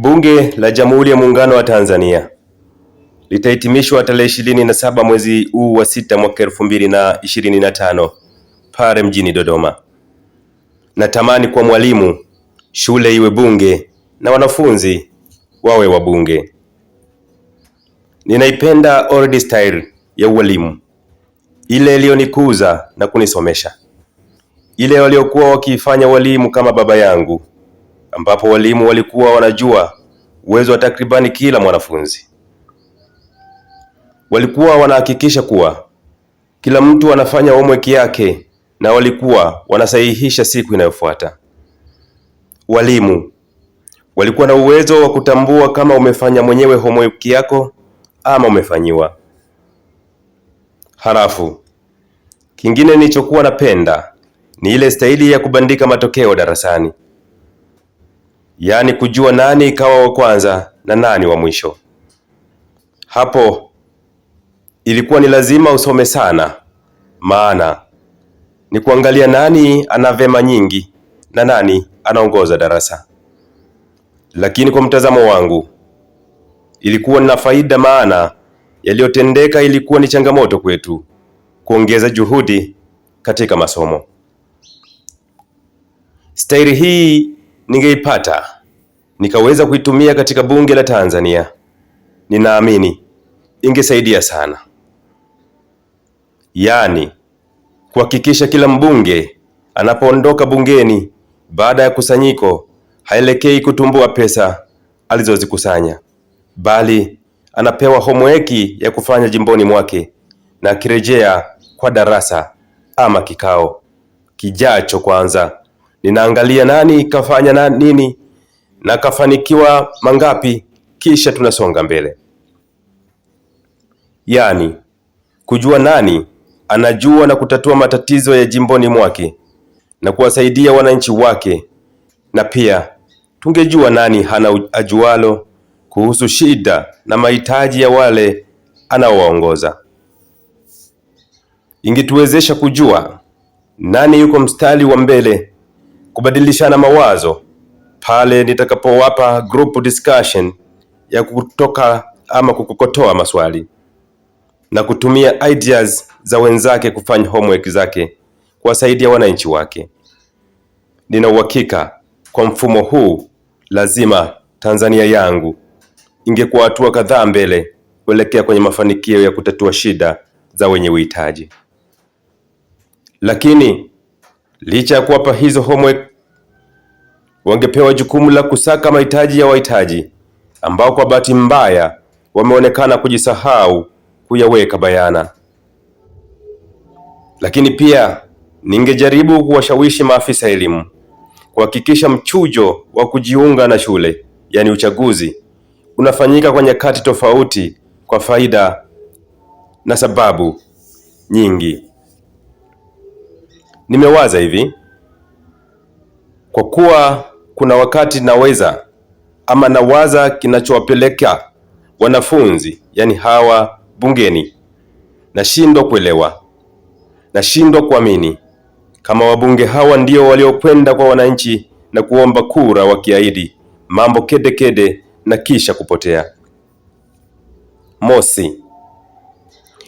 Bunge la Jamhuri ya Muungano wa Tanzania litahitimishwa tarehe ishirini na saba mwezi huu wa sita mwaka elfu mbili na ishirini na tano pale mjini Dodoma. Natamani kwa mwalimu, shule iwe bunge na wanafunzi wawe wabunge. Ninaipenda old style ya ualimu, ile iliyonikuza na kunisomesha, ile waliokuwa wakiifanya walimu kama baba yangu ambapo walimu walikuwa wanajua uwezo wa takribani kila mwanafunzi. Walikuwa wanahakikisha kuwa kila mtu anafanya homework yake na walikuwa wanasahihisha siku inayofuata. Walimu walikuwa na uwezo wa kutambua kama umefanya mwenyewe homework yako ama umefanyiwa. Halafu kingine nilichokuwa napenda ni ile staili ya kubandika matokeo darasani yaani kujua nani ikawa wa kwanza na nani wa mwisho. Hapo ilikuwa ni lazima usome sana, maana ni kuangalia nani ana vema nyingi na nani anaongoza darasa. Lakini kwa mtazamo wangu ilikuwa na faida, maana yaliyotendeka ilikuwa ni changamoto kwetu kuongeza juhudi katika masomo. Stairi hii ningeipata nikaweza kuitumia katika bunge la Tanzania, ninaamini ingesaidia sana, yaani kuhakikisha kila mbunge anapoondoka bungeni baada ya kusanyiko haelekei kutumbua pesa alizozikusanya, bali anapewa homework ya kufanya jimboni mwake, na akirejea kwa darasa ama kikao kijacho, kwanza ninaangalia nani kafanya na nini na kafanikiwa mangapi, kisha tunasonga mbele. Yaani kujua nani anajua na kutatua matatizo ya jimboni mwake na kuwasaidia wananchi wake, na pia tungejua nani hana ajualo kuhusu shida na mahitaji ya wale anaowaongoza. Ingetuwezesha kujua nani yuko mstari wa mbele, kubadilishana mawazo pale nitakapowapa group discussion ya kutoka ama kukokotoa maswali na kutumia ideas za wenzake kufanya homework zake kuwasaidia wananchi wake. Nina uhakika kwa mfumo huu lazima Tanzania yangu ingekuwa hatua kadhaa mbele kuelekea kwenye mafanikio ya kutatua shida za wenye uhitaji. Lakini licha ya kuwapa hizo homework wangepewa jukumu la kusaka mahitaji ya wahitaji ambao kwa bahati mbaya wameonekana kujisahau kuyaweka bayana. Lakini pia ningejaribu kuwashawishi maafisa elimu kuhakikisha mchujo wa kujiunga na shule, yaani uchaguzi, unafanyika kwa nyakati tofauti kwa faida na sababu nyingi. Nimewaza hivi kwa kuwa kuna wakati naweza ama nawaza kinachowapeleka wanafunzi yani hawa bungeni. Nashindwa kuelewa, nashindwa kuamini kama wabunge hawa ndio waliokwenda kwa wananchi na kuomba kura wakiahidi mambo kedekede kede na kisha kupotea. Mosi,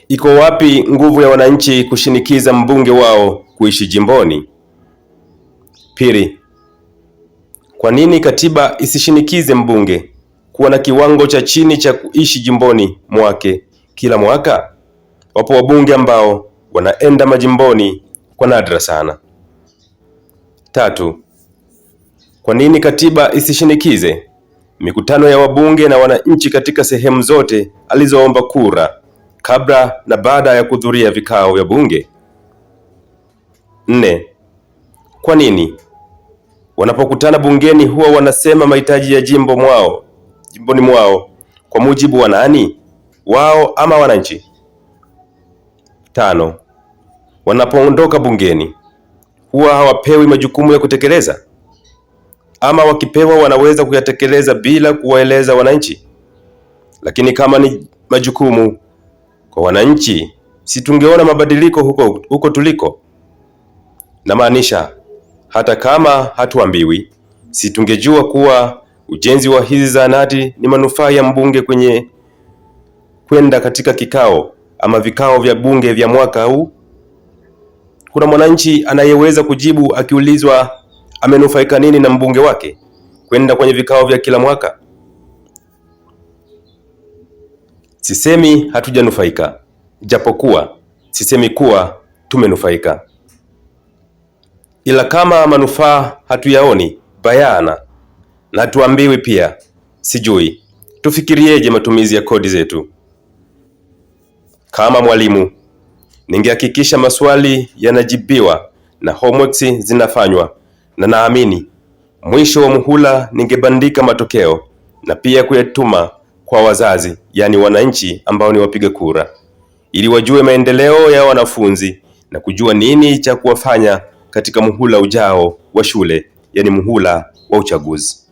iko wapi nguvu ya wananchi kushinikiza mbunge wao kuishi jimboni? Pili, kwa nini katiba isishinikize mbunge kuwa na kiwango cha chini cha kuishi jimboni mwake kila mwaka? Wapo wabunge ambao wanaenda majimboni kwa nadra sana. Tatu, kwa nini katiba isishinikize mikutano ya wabunge na wananchi katika sehemu zote alizoomba kura kabla na baada ya kuhudhuria vikao vya bunge? Nne, kwa nini wanapokutana bungeni huwa wanasema mahitaji ya jimbo mwao jimboni mwao kwa mujibu wa nani wao ama wananchi? Tano, wanapoondoka bungeni huwa hawapewi majukumu ya kutekeleza ama wakipewa wanaweza kuyatekeleza bila kuwaeleza wananchi. Lakini kama ni majukumu kwa wananchi, si tungeona mabadiliko huko, huko tuliko? Namaanisha hata kama hatuambiwi, si tungejua kuwa ujenzi wa hizi zahanati ni manufaa ya mbunge kwenye kwenda katika kikao ama vikao vya bunge vya mwaka huu? Kuna mwananchi anayeweza kujibu akiulizwa amenufaika nini na mbunge wake kwenda kwenye vikao vya kila mwaka? Sisemi hatujanufaika, japokuwa sisemi kuwa tumenufaika ila kama manufaa hatuyaoni bayana na tuambiwi pia, sijui tufikirieje matumizi ya kodi zetu. Kama mwalimu, ningehakikisha maswali yanajibiwa na homeworks zinafanywa, na naamini mwisho wa muhula ningebandika matokeo na pia kuyatuma kwa wazazi, yaani wananchi ambao ni wapiga kura, ili wajue maendeleo ya wanafunzi na kujua nini cha kuwafanya katika muhula ujao wa shule, yaani muhula wa uchaguzi.